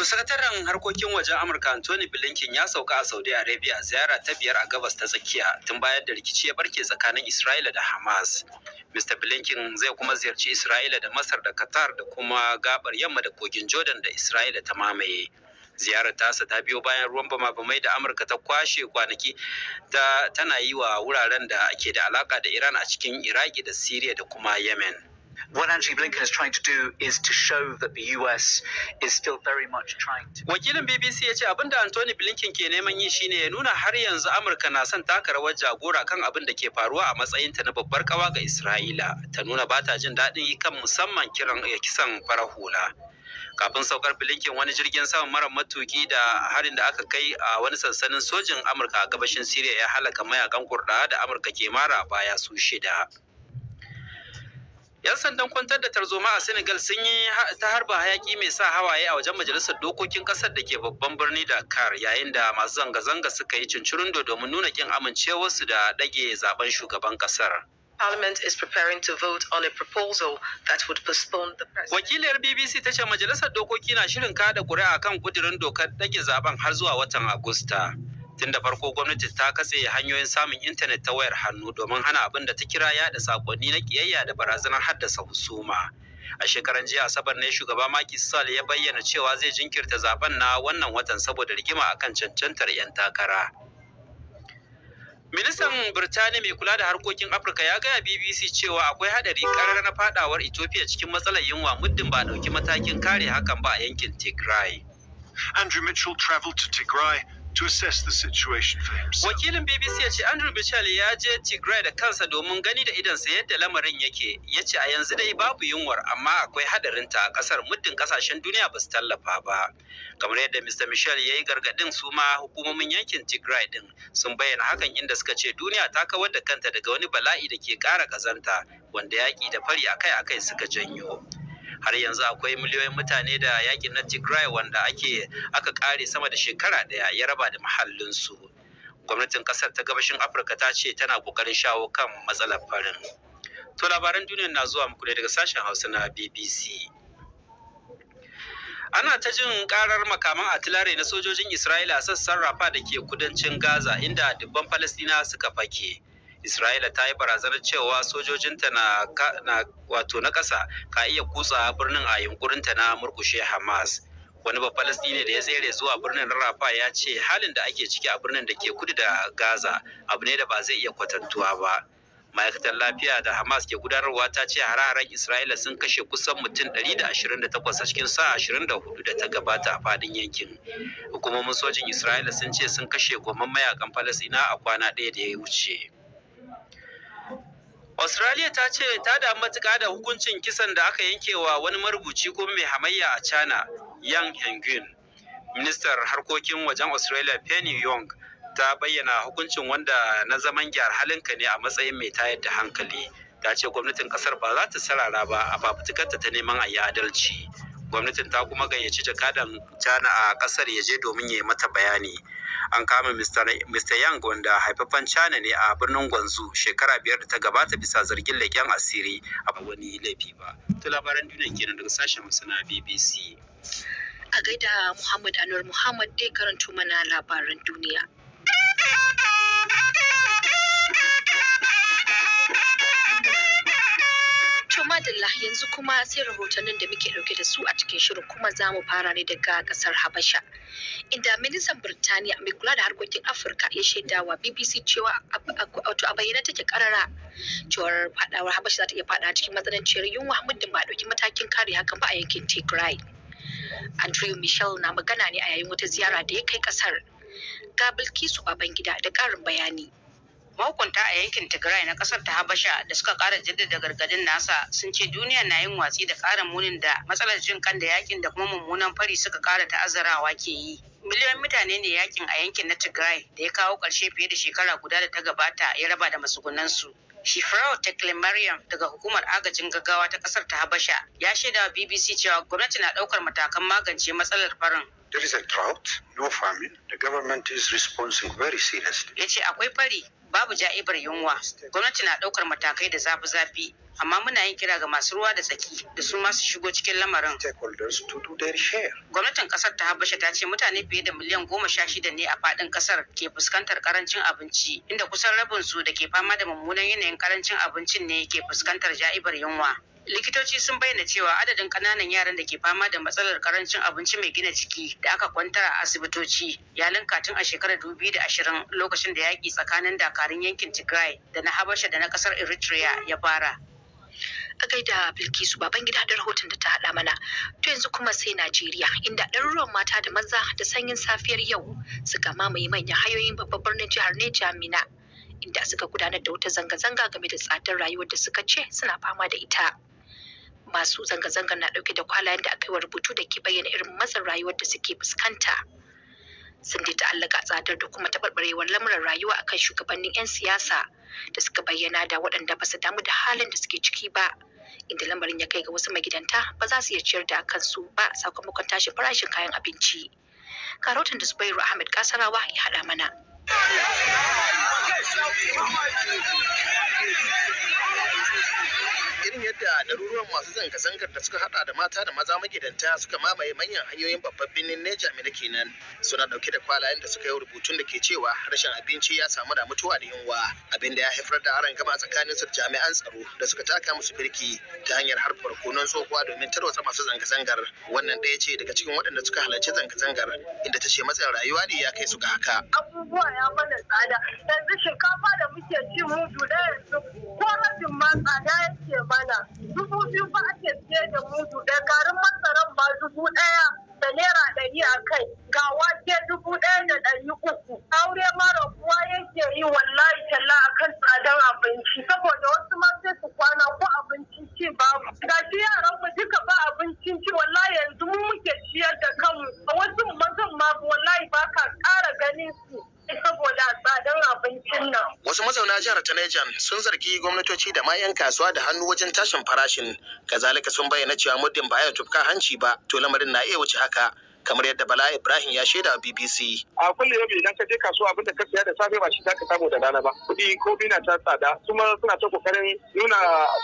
Wato sakataren harkokin wajen Amurka Anthony Blinken ya sauka a Saudi Arabia ziyara ta biyar a gabas ta tsakiya tun bayan da rikici ya barke tsakanin Isra'ila da Hamas. Mr. Blinken zai kuma ziyarci Isra'ila da Masar da Qatar da kuma gabar yamma da kogin Jordan da Isra'ila ta mamaye. ziyarar tasa ta biyo bayan ruwan bama-bamai da amurka ta kwashe kwanaki ta tana yi wa wuraren da ke da alaka da iran a cikin iraki da siriya da kuma yemen what Blinken is is to show that the US is very much Wakilin BBC ya ce abin da Anthony Blinken ke neman yi shine ya nuna har yanzu Amurka na son taka rawar jagora kan abin da ke faruwa a matsayinta na babbar kawa ga Isra'ila. Ta nuna ba ta jin daɗin yi kan musamman kiran ya eh, kisan farar hula. Kafin saukar Blinken wani jirgin saman mara matuki da harin da aka kai a wani sansanin sojin Amurka a gabashin Siriya ya halaka mayakan kurɗa da Amurka ke mara baya su shida. 'Yan sandan kwantar da tarzoma a Senegal sun yi ta harba hayaki mai sa hawaye a wajen majalisar dokokin kasar da ke babban birni da 'Kar' yayin da masu zanga-zanga suka yi cincirindo domin nuna kin amincewarsu da dage zaben shugaban kasar. Parliament is preparing to vote on a proposal that would postpone the president. Wakiliyar BBC ta ce majalisar dokoki na shirin kada kuri'a kan kudirin dokar ɗage zaben har zuwa watan Agusta. tun da farko gwamnati ta katse hanyoyin samun intanet ta wayar hannu domin hana abin da ta kira yaɗa sakonni na kiyayya da barazanar haddasa husuma a shekaran jiya asabar ne shugaba maki Sall ya bayyana cewa zai jinkirta zaben na wannan watan saboda rigima akan cancantar 'yan takara Ministan Birtaniya mai kula da harkokin Afirka ya gaya BBC cewa akwai hadari karar na fadawar Ethiopia cikin matsalar yunwa muddin ba dauki matakin kare hakan ba a yankin Tigray. Andrew Mitchell traveled to Tigray to assess the situation for himself. Wakilin BBC ya ce Andrew Mitchell ya je Tigray da kansa domin gani da idan sai yadda lamarin yake. Ya ce a yanzu dai babu yunwar amma akwai hadarin ta kasar muddin kasashen duniya ba su tallafa ba. Kamar yadda Mr. Michel ya yi gargadin su ma hukumomin yankin Tigray din sun bayyana hakan inda suka ce duniya ta kawar da kanta daga wani bala'i da ke kara ƙazanta wanda yaƙi da fari akai-akai suka janyo. har yanzu akwai miliyoyin mutane da yakin na Tigray wanda ake aka kare sama da shekara daya ya raba da mahallinsu gwamnatin kasar ta gabashin Afirka ta ce tana kokarin shawo kan matsalar farin to labaran duniya na zuwa muku ne daga sashen Hausa na BBC ana ta jin karar makaman atilare na sojojin Isra'ila a sassan Rafa da ke kudancin Gaza inda dubban Falasɗina suka fake. Isra'ila ta yi barazanar cewa sojojinta na, na wato na ƙasa ka iya kutsa birnin a yunkurinta na murkushe Hamas. Wani Bafalastine da ya tsere zuwa birnin Rafa ya ce halin da ake ciki a birnin da ke kudu da Gaza abu ne da ba zai iya kwatantuwa ba. ma'aikatar lafiya da hamas ke gudanarwa ta ce hararen isra'ila sun kashe kusan mutum 128 a cikin sa 24 da ta gabata a fadin yankin hukumomin sojin isra'ila sun ce sun kashe goma mayakan falasina a kwana ɗaya da ya wuce Australia ta ce ta damu matuƙa da hukuncin kisan da aka yanke wa wani marubuci kuma mai hamayya a China, Yang Hengun. Ministar harkokin wajen Australia Penny Young ta bayyana hukuncin wanda na zaman gyar halinka ne a matsayin mai tayar da hankali. Ta ce gwamnatin kasar ba za ta sarara ba a fafutukarta ta neman a yi adalci. Gwamnatin ta kuma gayyaci jakadan China a kasar ya je domin ya yi mata bayani. an kama mr yang wanda haifaffan china ne a birnin gwanzu shekara biyar da ta gabata bisa zargin leken asiri a wani laifi ba ta labaran duniya kenan daga sashen masana bbc a gaida muhammad anwar muhammad dai karanto mana labaran duniya madalla yanzu kuma sai rahotannin da muke dauke da su a cikin shirin kuma za mu fara ne daga kasar habasha inda ministan birtaniya mai kula da harkokin afirka ya shaida wa bbc cewa wato a bayyana take karara cewar fadawar habasha za ta iya fada cikin matsananciyar yunwa muddin ba dauki matakin kare hakan ba a yankin tigray andrew michel na magana ne a yayin wata ziyara da ya kai kasar ga bilkisu babangida da karin bayani mahukunta a yankin tigray na kasar ta habasha da suka kara jaddada gargadin nasa sun ce duniya na yin watsi da karin munin da matsalar jin kan da yakin da kuma mummunan fari suka kara ta'azzarawa ke yi miliyoyin mutane ne yakin a yankin na tigray da ya kawo ƙarshe fiye da shekara guda da ta gabata ya raba da masugunansu. Shifrau Tekle Mariam daga hukumar agajin gaggawa ta kasar ta Habasha ya shaida wa BBC cewa gwamnati na ɗaukar matakan magance matsalar farin. There is a drought, no farming. The government is responding very seriously. Ya ce akwai fari, babu ja'ibar yunwa. Gwamnati na ɗaukar matakai da zafi-zafi, amma muna yin kira ga masu ruwa da tsaki da su masu shigo cikin lamarin. Gwamnatin kasar ta Habasha ta ce mutane fiye da miliyan goma sha shida ne a faɗin ƙasar ke fuskantar karancin abinci inda kusan rabin su da ke fama da mummunan yanayin karancin abincin ne ke fuskantar ja'ibar yunwa likitoci sun bayyana cewa adadin ƙananan yaran da ke fama da matsalar karancin abinci mai gina jiki da aka kwantar a asibitoci ya linka tun a shekarar ashirin lokacin da yaƙi tsakanin dakarun yankin tigray da na habasha da na ƙasar eritrea ya fara a gaida bilkisu baban gida da rahoton da ta haɗa mana to yanzu kuma sai najeriya inda ɗaruruwan mata da maza da sanyin safiyar yau suka mamaye manyan hanyoyin babban birnin jihar neja mina inda suka gudanar da wata zanga-zanga game da tsadar rayuwar da suka ce suna fama da ita masu zanga-zangar na ɗauke da kwalayen da aka yi wa rubutu da ke bayyana irin matsin rayuwar da suke fuskanta sun ta allaka tsadar da kuma taɓarɓarewar lamuran rayuwa akan shugabannin 'yan siyasa da suka bayyana da waɗanda ba su damu da halin da suke ciki ba inda lamarin ya kai ga wasu magidanta ba za su iya ciyar da kansu ba sakamakon tashi farashin kayan abinci. Karotin da Zubairu Ahmed Kasarawa ya haɗa mana. irin yadda ɗaruruwan masu zanga-zangar da suka hada da mata da maza magidanta suka mamaye manyan hanyoyin babban birnin neja mina kenan suna ɗauke da kwalayen da suka yi rubutun da ke cewa rashin abinci ya samu da mutuwa da yunwa abin da ya haifar da aron gama tsakanin su jami'an tsaro da suka taka musu birki ta hanyar harfar konon tsohuwa domin tarwatsa masu zanga-zangar wannan ɗaya ce daga cikin waɗanda suka halarci zanga-zangar inda ta ce matsayin rayuwa ne ya kai su ga haka. abubuwa ya mana tsada yanzu shinkafa da muke ci mudu da yanzu ko tsada yake mana dubu biyu ba ake siye da mudu ɗaya garin masaran ba dubu ɗaya da naira ɗari a kai ga wake dubu ɗaya da ɗari uku aure mara kuwa yake yi wallahi talla a kan tsadar abinci saboda wasu ma sai su kwana ko abincin ci babu ga shi yaran mu duka ba abincin ci wallahi yanzu mu muke ciyar da kanmu wasu jihar ta Niger sun zargi gwamnatoci da ma 'yan kasuwa da hannu wajen tashin farashin. Kazalika sun bayyana cewa muddin ba a tufka hanci ba, to lamarin na iya wuce haka. kamar yadda Bala Ibrahim ya shaida BBC. A kullum yau idan ka je kasuwa abin da ka siya da safe ba shi ka samu da rana ba. Kuɗi ko bina ta tsada kuma suna ta kokarin nuna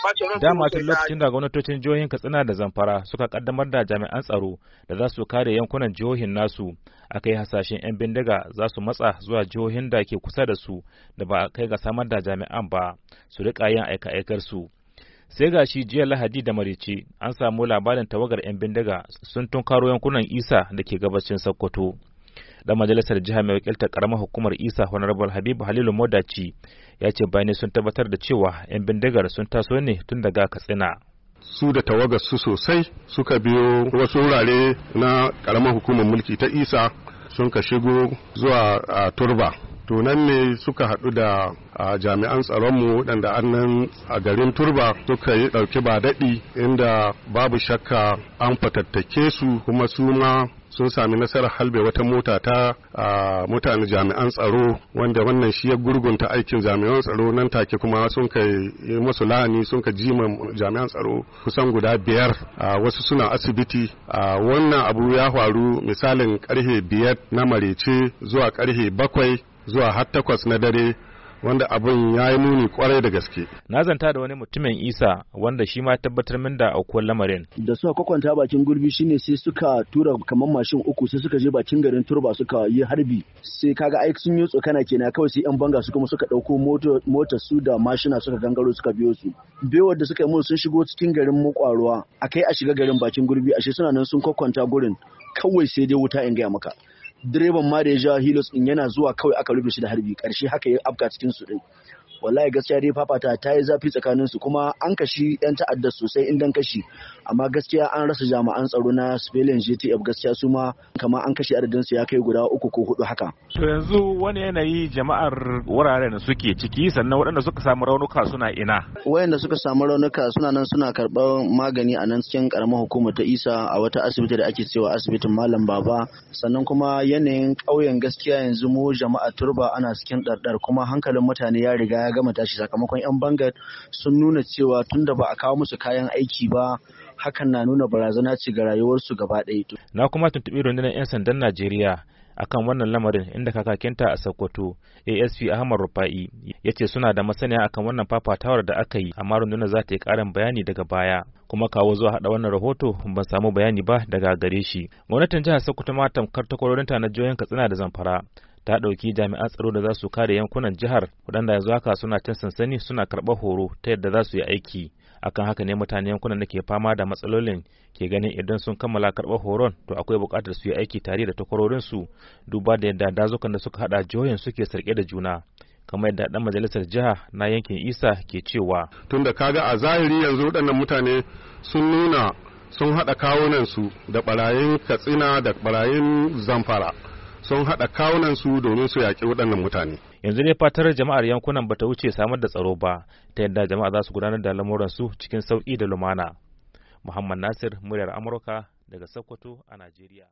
bacin ran. Dama tun lokacin da gwamnatocin jihohin Katsina da Zamfara suka kaddamar da jami'an tsaro da za su kare yankunan jihohin nasu. Aka yi hasashen 'yan bindiga za su matsa zuwa jihohin da ke kusa da su da ba a kai ga samar da jami'an ba su riƙa yin aika-aikar su. sai ga shi jiya lahadi da marici an samu labarin tawagar 'yan bindiga sun tunkaro yankunan isa da ke gabashin sokoto da majalisar jiha mai wakiltar karamar hukumar isa honorable habibu halilu modaci ya ce bayanai sun tabbatar da cewa 'yan bindigar sun taso ne tun daga katsina su da tawagar su sosai suka biyo wasu wurare na karamar hukumar mulki ta isa sun ka shigo zuwa turba to nan ne suka haɗu da a jami'an tsaronmu waɗanda annan a garin turba suka yi ɗauki ba daɗi inda babu shakka an fatattake su kuma su ma sun sami nasarar halbe wata mota ta a mutane jami'an tsaro wanda wannan shi ya gurgunta aikin jami'an tsaro nan take kuma sun kai masu lahani sun ka jima jami'an tsaro kusan guda biyar a wasu suna asibiti a wannan abu ya faru misalin karhe biyar na marece zuwa karhe bakwai zuwa har takwas na dare wanda abin ya yi nuni kwarai da gaske. Na zanta da wani mutumin Isa wanda shi ma tabbatar min da aukuwar lamarin. Da suka kwakwanta bakin gurbi shine sai suka tura kamar mashin uku sai suka je bakin garin turba suka yi harbi sai kaga ai sun yi tsokana kenan kawai sai yan banga su kuma suka dauko motar su da mashina suka gangaro suka biyo su. Bewar da suka yi sun shigo cikin garin a kai a shiga garin bakin gurbi ashe suna nan sun kwakwanta gurin kawai sai dai wuta in gaya maka. direban ma da ya ja hilos din yana zuwa kawai aka rufe shi da harbi karshe haka ya afka cikin su din wallahi gaskiya dai fafata ta yi zafi tsakanin su kuma an kashi yan ta'addar sosai in dan kashi amma gaskiya an rasa jami'an tsaro na civilian GTF gaskiya su ma kamar an kashi adadin su ya kai guda uku ko hudu haka to yanzu wani yanayi jama'ar wuraren da suke ciki sannan waɗanda suka samu raunuka suna ina wayanda suka samu raunuka suna nan suna karɓar magani a nan cikin karamar hukumar ta Isa a wata asibiti da ake cewa asibitin Malam Baba sannan kuma yanayin ƙauyen gaskiya yanzu mu jama'a turba ana cikin ɗarɗar kuma hankalin mutane ya riga ya gama tashi sakamakon 'yan bangar sun nuna cewa tun da ba a kawo musu kayan aiki ba hakan na nuna barazana ce ga rayuwarsu gaba ɗaya. Na kuma tuntuɓi rundunar 'yan sandan Najeriya akan wannan lamarin inda kakakinta a Sokoto ASP Ahmad Rufa'i ya ce suna da masaniya akan wannan fafatawar da aka yi amma rundunar za ta yi ƙarin bayani daga baya kuma kawo zuwa haɗa wannan rahoto ban samu bayani ba daga gare shi. Gwamnatin jihar Sokoto ma tamkar takwarorinta na jihohin Katsina da Zamfara ta ɗauki jami'an tsaro da za su kare yankunan jihar waɗanda yanzu haka suna cin sansani suna karɓar horo ta yadda za su yi aiki akan haka ne mutane yankunan da ke fama da matsalolin ke ganin idan sun kammala karɓar horon to akwai buƙatar su yi aiki tare da takwarorinsu duba da yadda dazukan da suka haɗa jihohin suke sarƙe da juna kamar yadda ɗan majalisar jiha na yankin isa ke cewa tunda kaga a zahiri yanzu waɗannan mutane sun nuna sun haɗa su da ɓarayin katsina da ɓarayin zamfara sun haɗa su domin su yaƙi waɗannan mutane. Yanzu dai fatar jama'ar yankunan bata wuce samar da tsaro ba ta yadda jama'a za su gudanar da lamuransu cikin sauƙi da lumana. Muhammad Nasir, muryar Amurka daga Sokoto a Najeriya.